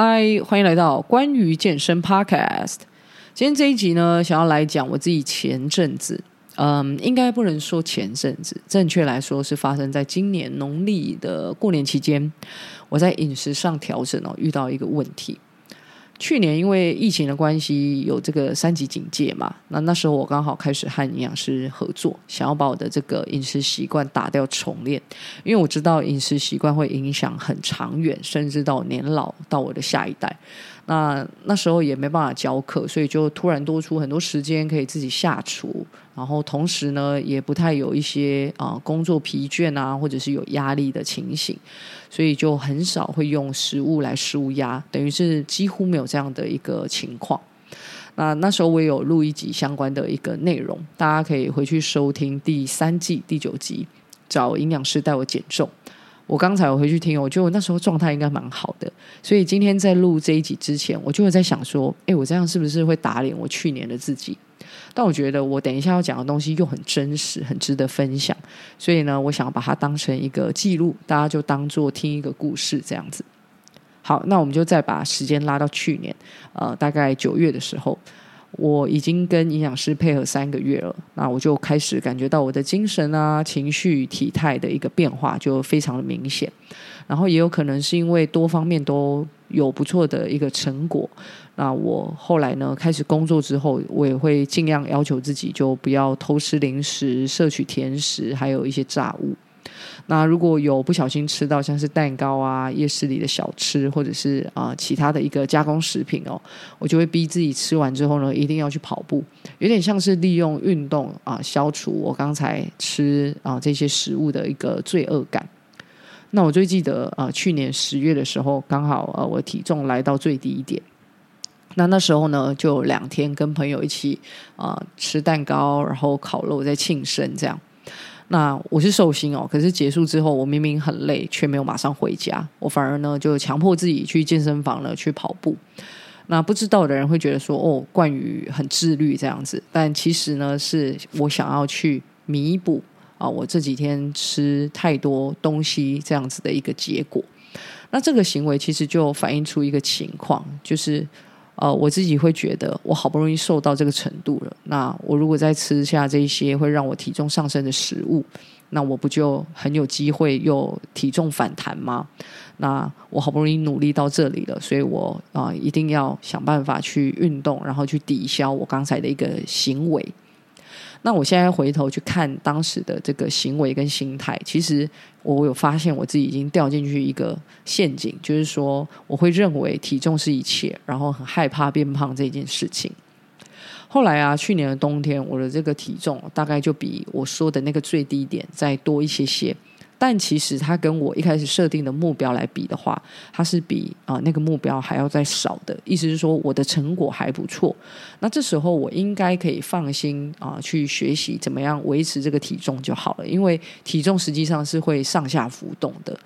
嗨，歡迎來到關於健身 Podcast。今天這一集呢，想要來講我自己前陣子，嗯，應該不能說前陣子，正確來說是發生在今年農曆的過年期間，我在飲食上調整哦，遇到一個問題。去年因為疫情的關係，有這個三級警戒嘛，那那時候我剛好開始和營養師合作，想要把我的這個飲食習慣打掉重練，因為我知道飲食習慣會影響很長遠，甚至到年老，到我的下一代。那那時候也沒辦法教課，所以就突然多出很多時間可以自己下廚，然後同時呢也不太有一些啊、呃、工作疲倦啊或者是有壓力的情形，所以就很少會用食物來舒壓，等於是幾乎沒有這樣的一個情況。那那時候我也有錄一集相關的一個內容，大家可以回去收聽第三季第九集，找營養師帶我減重。我剛才我回去聽，我覺得我那時候狀態應該蠻好的，所以今天在錄這一集之前，我就會在想說，哎，我這樣是不是會打臉我去年的自己？但我覺得我等一下要講的東西又很真實，很值得分享，所以呢，我想要把它當成一個記錄，大家就當做聽一個故事這樣子。好，那我們就再把時間拉到去年，呃，大概九月的時候。我已經跟營養師配合三個月了，那我就開始感覺到我的精神啊、情緒、體態的一個變化就非常的明顯。然後也有可能是因為多方面都有不錯的一個成果。那我後來呢，開始工作之後，我也會盡量要求自己，就不要偷吃零食、攝取甜食，還有一些炸物。那如果有不小心吃到像是蛋糕啊、夜市裡的小吃，或者是啊、呃、其他的一個加工食品哦，我就會逼自己吃完之後呢，一定要去跑步，有點像是利用運動啊、呃、消除我剛才吃啊、呃、這些食物的一個罪惡感。那我最記得啊、呃，去年十月的時候，剛好啊、呃、我體重來到最低點，那那時候呢，就兩天跟朋友一起啊、呃、吃蛋糕，然後烤肉在慶生這樣。那我是壽星哦，可是結束之後，我明明很累，卻沒有馬上回家，我反而呢就強迫自己去健身房了，去跑步。那不知道的人會覺得說，哦，冠宇很自律這樣子，但其實呢，是我想要去彌補啊，我這幾天吃太多東西這樣子的一個結果。那這個行為其實就反映出一個情況，就是。呃，我自己會覺得，我好不容易瘦到這個程度了，那我如果再吃下這些會讓我體重上升的食物，那我不就很有機會又體重反彈嗎？那我好不容易努力到這裡了，所以我啊，呃，一定要想辦法去運動，然後去抵消我剛才的一個行為。那我現在回頭去看當時的這個行為跟心態，其實我有發現我自己已經掉進去一個陷阱，就是說我會認為體重是一切，然後很害怕變胖這件事情。後來啊，去年的冬天，我的這個體重大概就比我說的那個最低點再多一些些。但其實它跟我一開始設定的目標來比的話，它是比啊、呃、那個目標還要再少的。意思是說，我的成果還不錯。那這時候我應該可以放心啊、呃，去學習怎麼樣維持這個體重就好了。因為體重實際上是會上下浮動的。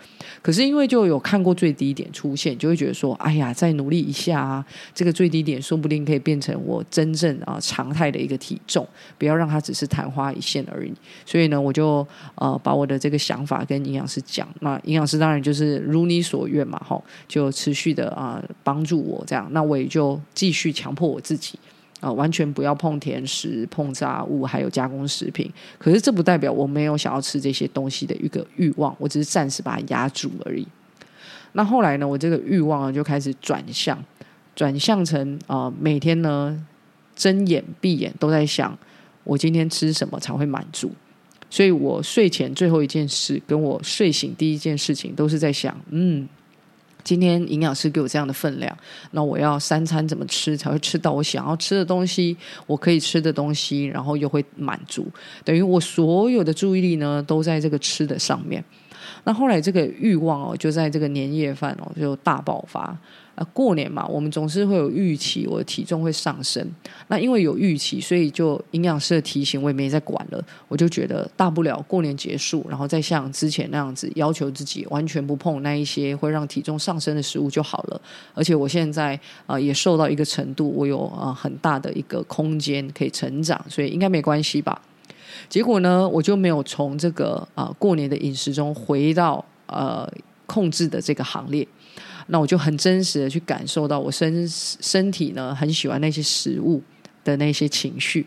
可是因為就有看過最低點出現，就會覺得說，哎呀，再努力一下啊，這個最低點說不定可以變成我真正啊、呃、常態的一個體重，不要讓它只是曇花一現而已。所以呢，我就呃把我的這個想法。跟營養師講，那營養師當然就是如你所願嘛，吼，就持續的啊、呃、幫助我這樣，那我也就繼續強迫我自己啊、呃，完全不要碰甜食、碰炸物，還有加工食品。可是這不代表我沒有想要吃這些東西的一個欲望，我只是暫時把它壓住而已。那後來呢，我這個欲望啊就開始轉向，轉向成啊、呃，每天呢睜眼閉眼都在想，我今天吃什麼才會滿足。所以我睡前最後一件事，跟我睡醒第一件事情，都是在想，嗯，今天營養師給我這樣的分量，那我要三餐怎麼吃才會吃到我想要吃的東西，我可以吃的東西，然後又會滿足，等於我所有的注意力呢，都在這個吃的上面。那後來這個慾望哦，就在這個年夜飯哦，就大爆發啊！過年嘛，我們總是會有預期，我的體重會上升。那因為有預期，所以就營養師的提醒我也沒再管了。我就覺得大不了過年結束，然後再像之前那樣子要求自己完全不碰那一些會讓體重上升的食物就好了。而且我現在啊、呃、也瘦到一個程度，我有啊、呃、很大的一個空間可以成長，所以應該沒關係吧。結果呢，我就沒有從這個啊、呃、過年的飲食中回到呃控制的這個行列。那我就很真實的去感受到，我身身體呢很喜歡那些食物的那些情緒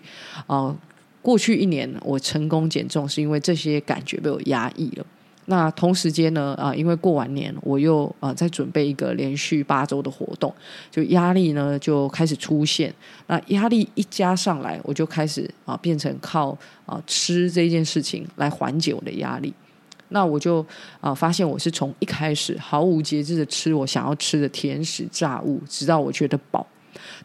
啊、呃。過去一年我成功減重，是因為這些感覺被我壓抑了。那同時間呢，啊、呃，因為過完年，我又啊、呃、在準備一個連續八周的活動，就壓力呢就開始出現。那壓力一加上來，我就開始啊、呃、變成靠啊、呃、吃這件事情來緩解我的壓力。那我就啊、呃、發現我是從一開始毫無節制的吃我想要吃的甜食、炸物，直到我覺得飽。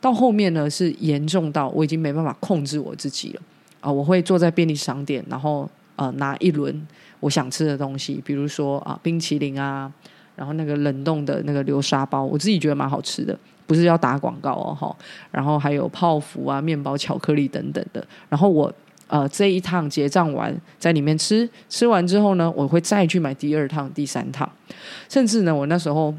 到後面呢是嚴重到我已經沒辦法控制我自己了啊、呃！我會坐在便利商店，然後。呃，拿一輪我想吃的東西，比如說啊，呃，冰淇淋啊，然後那個冷凍的那個流沙包，我自己覺得蠻好吃的，不是要打廣告哦，吼，然後還有泡芙啊、麵包、巧克力等等的。然後我呃這一趟結賬完，在裡面吃，吃完之後呢，我會再去買第二趟、第三趟，甚至呢，我那時候。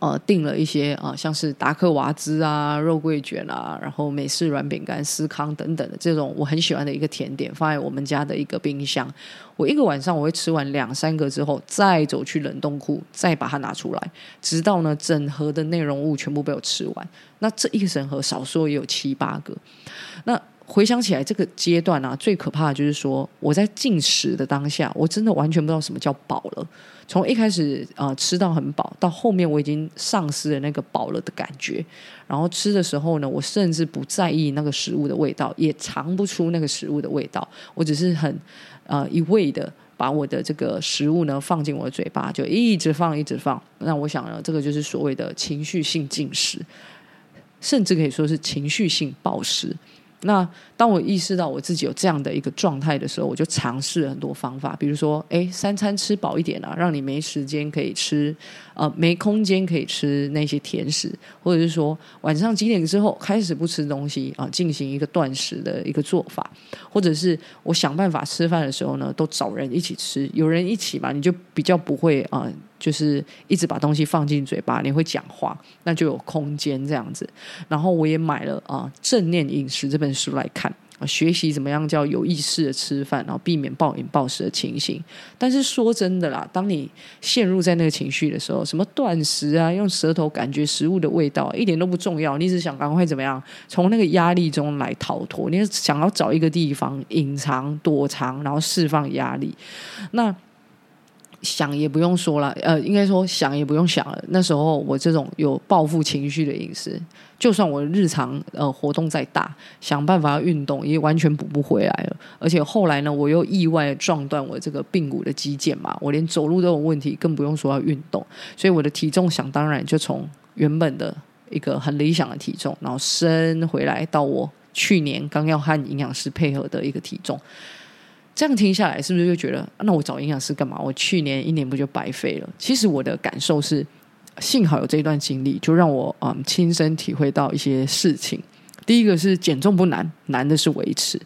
呃，訂了一些啊、呃，像是達克瓦茲啊、肉桂卷啊，然後美式軟餅乾、司康等等的這種，我很喜歡的一個甜點，放在我們家的一個冰箱。我一個晚上我會吃完兩三個之後，再走去冷凍庫，再把它拿出來，直到呢整盒，的內容物全部被我吃完。那這一個整盒，少說也有七八個。那回想起來，這個階段啊，最可怕的就是說，我在進食的當下，我真的完全不知道什麼叫飽了。從一開始啊、呃，吃到很飽，到後面我已經喪失了那個飽了的感覺。然後吃的時候呢，我甚至不在意那個食物的味道，也嘗不出那個食物的味道。我只是很啊、呃、一味的把我的這個食物呢放進我的嘴巴，就一直放，一直放。那我想呢，這個就是所謂的情緒性進食，甚至可以說是情緒性暴食。那當我意識到我自己有這樣的一個狀態的時候，我就嘗試了很多方法，比如說，哎，三餐吃飽一點啊，讓你沒時間可以吃，啊、呃，沒空間可以吃那些甜食，或者是說晚上幾點之後開始不吃東西啊、呃，進行一個斷食的一個做法，或者是我想辦法吃飯的時候呢，都找人一起吃，有人一起嘛，你就比較不會啊。呃就是一直把東西放進嘴巴，你會講話，那就有空間這樣子。然後我也買了啊《正念飲食》這本書來看，學習怎麼樣叫有意識的吃飯，然後避免暴飲暴食的情形。但是說真的啦，當你陷入在那個情緒的時候，什麼斷食啊，用舌頭感覺食物的味道啊，一點都不重要。你只想趕快怎麼樣從那個壓力中來逃脫，你想要找一個地方隱藏躲藏，然後釋放壓力。那。想也不用說了，呃，應該說想也不用想了。那時候我這種有報復情緒的飲食，就算我日常呃活動再大，想辦法要運動，也完全補不回來了。而且後來呢，我又意外撞斷我這個髕骨的肌腱嘛，我連走路都有問題，更不用說要運動，所以我的體重想當然就從原本的一個很理想的體重，然後升回來到我去年剛要和營養師配合的一個體重。這樣聽下來，是不是就覺得、啊、那我找營養師幹嘛？我去年一年不就白費了？其實我的感受是，幸好有這一段經歷，就讓我啊、嗯、親身體會到一些事情。第一個是減重不難，難的是維持。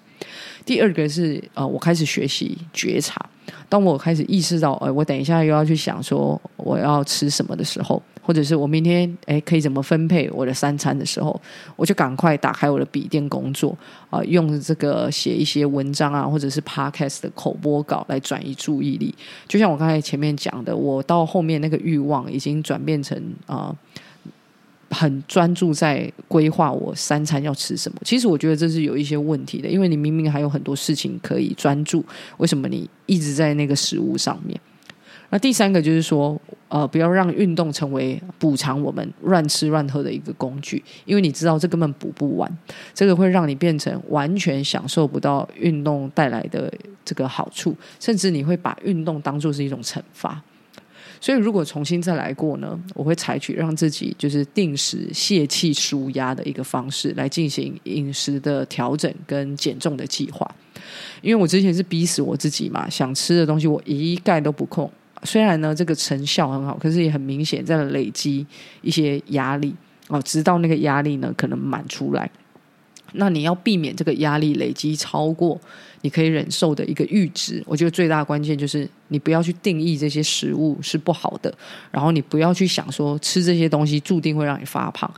第二個是啊、呃，我開始學習覺察。當我開始意識到、哎，我等一下又要去想說我要吃什麼的時候。或者是我明天誒，可以怎麼分配我的三餐的時候，我就趕快打開我的筆電工作啊、呃，用這個寫一些文章啊，或者是 podcast 的口播稿來轉移注意力。就像我剛才前面講的，我到後面那個慾望已經轉變成啊、呃，很專注在規劃我三餐要吃什麼。其實我覺得這是有一些問題的，因為你明明還有很多事情可以專注，為什麼你一直在那個食物上面？那第三個就是說，呃，不要讓運動成為補償我們亂吃亂喝的一個工具，因為你知道這根本補不完，這個會讓你變成完全享受不到運動帶來的這個好處，甚至你會把運動當做是一種懲罰。所以如果重新再來過呢，我會採取讓自己就是定時洩氣舒壓的一個方式來進行飲食的調整跟減重的計劃，因為我之前是逼死我自己嘛，想吃的東西我一概都不控。雖然呢，這個成效很好，可是也很明顯在累積一些壓力哦，直到那個壓力呢，可能滿出來，那你要避免這個壓力累積超過。你可以忍受的一個閾值，我覺得最大關鍵就是你不要去定義這些食物是不好的，然後你不要去想說吃這些東西注定會讓你發胖。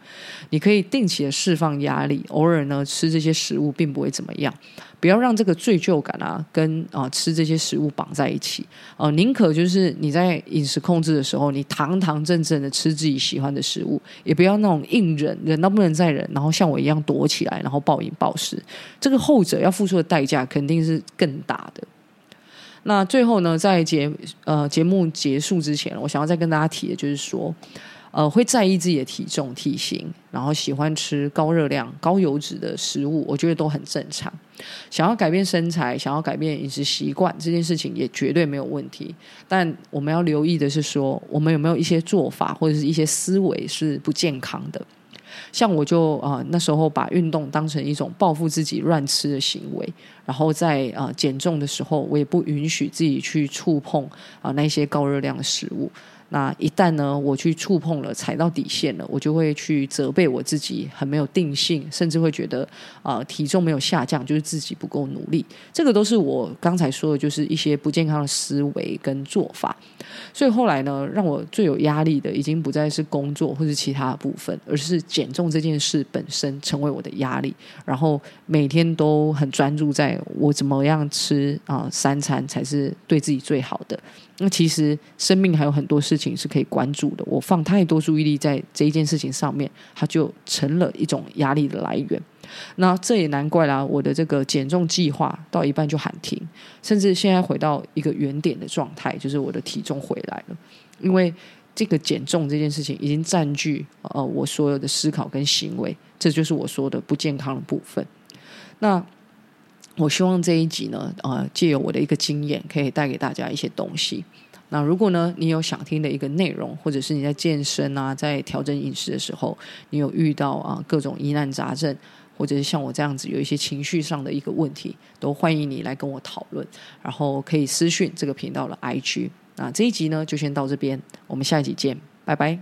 你可以定期的釋放壓力，偶爾呢，吃這些食物並不會怎麼樣。不要讓這個罪疚感啊跟啊、呃、吃這些食物綁在一起哦、呃，寧可就是你在飲食控制的時候，你堂堂正正的吃自己喜歡的食物，也不要那種硬忍，忍到不能再忍，然後像我一樣躲起來，然後暴飲暴食。這個後者要付出的代價肯定是更大的。那最後呢，在節呃節目結束之前，我想要再跟大家提的就是說，呃，會在意自己的體重、體型，然後喜歡吃高熱量、高油脂的食物，我覺得都很正常。想要改變身材，想要改變飲食習慣，這件事情也絕對沒有問題。但我們要留意的是說，我們有沒有一些做法，或者是一些思維是不健康的。像我就啊、呃、那時候把運動當成一種報復自己亂吃的行為，然後在啊、呃、減重的時候，我也不允許自己去觸碰啊、呃、那些高熱量的食物。那一旦呢，我去觸碰了，踩到底線了，我就會去責備我自己，很沒有定性，甚至會覺得啊、呃，體重沒有下降就是自己不夠努力，這個都是我剛才說的，就是一些不健康的思維跟做法。所以後來呢，讓我最有壓力的，已經不再是工作或是其他部分，而是減重這件事本身成為我的壓力。然後每天都很專注在我怎麼樣吃啊、呃，三餐才是對自己最好的。那其實生命還有很多事。情是可以關注的，我放太多注意力在這一件事情上面，它就成了一種壓力的來源。那這也難怪啦，我的這個減重計劃到一半就喊停，甚至現在回到一個原點的狀態，就是我的體重回來了。因為這個減重這件事情已經佔據呃我所有的思考跟行為，這就是我說的不健康的部分。那我希望這一集呢，呃，借由我的一個經驗，可以帶給大家一些東西。那如果呢，你有想聽的一個內容，或者是你在健身啊，在調整飲食的時候，你有遇到啊各種疑難雜症，或者是像我這樣子有一些情緒上的一個問題，都歡迎你來跟我討論，然後可以私訊這個頻道的 IG。那這一集呢，就先到這邊，我們下一集見，拜拜。